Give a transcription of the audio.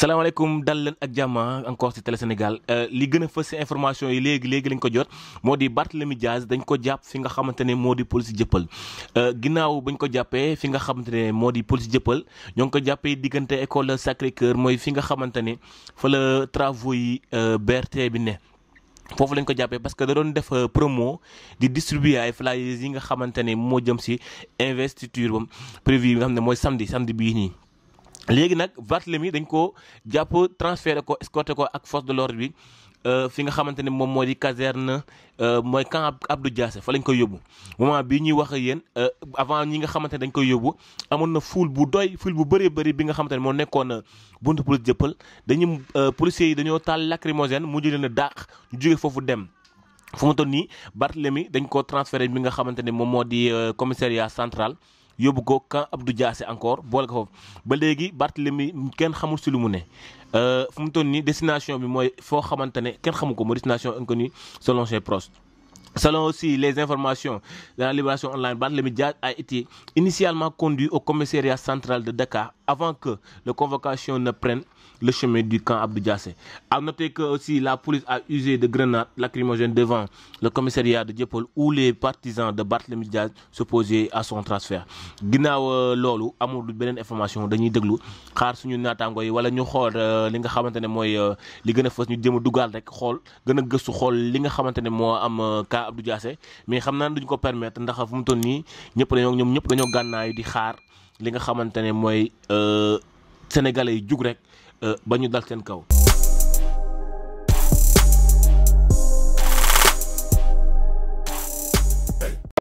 salaamaaleykum dal leen ak jàmm encore ci Télé Sénégal euh, li gën a fës ci information yi léegi léegi lañ ko jot moo di Barthélemy Diaz dañ ko jàpp fi nga xamante ne moo di police jëppal euh, ginnaaw bañ ko jàppee fi nga xamante ne moo di police jëppal ñoo ngi ko jàppee diggante école Sacré Cœur mooy fi nga xamante ne fa la travaux yi euh, BRT bi ne foofu lañ ko jàppee parce que da doon def promo di distribuer ay flyers yi nga xamante ne moo jëm si investiture bam prévu bi nga xam ne mooy samedi samedi bii nii léegi nag Barthélemy dañ ko jàpp transféré ko escorté ko ak force de l'ordre bi euh, fi nga xamante ne moom moo di caserne euh, mooy camp Abdou Diassé fa lañ koy yóbbu moment bii ñuy wax ak yéen euh, avant ñi nga xamante dañ koy yóbbu amoon na foule bu doy foule bu bëree bëri bi nga xamante ne moo nekkoon buntu police jëppal dañu policiers yi dañoo taal lacrymogène mujj leen a dàq ñu jóge foofu dem. fu mu toll nii Barthélemy dañ ko transféré bi nga xamante ne moom moo di commissariat central. yóbbu ko camp Abdou Diassé encore boole ko foofu ba léegi Barthélemy kenn xamul si lu mu ne euh, fu mu toon nii destination bi mooy foo xamante ne kenn xamu ko mooy destination inconnue selon ses proches Selon aussi les informations de la Libération Online, Barthélémy Diaz a été initialement conduit au commissariat central de Dakar avant que la convocation ne prenne le chemin du camp Abdou Diassé. À noter que aussi la police a usé de grenades lacrymogènes devant le commissariat de Dieuppeul où les partisans de Barthélémy Diaz s'opposaient à son transfert. Ginnaaw euh, loolu amul beneen information dañuy déglu xaar suñu naataango yi wala ñu xool euh, li nga xamante ne mooy euh, li gën a fës ñu jëm a li nga xamante ne Abdou jaase mais xam naa ne duñ ko permettre ndax fu mu toll nii ñëpp dañoo ñoom ñëpp dañoo gànnaayu di xaar li nga xamante ne mooy euh, sénégalais yi jug rek euh, ba ñu dal seen kaw.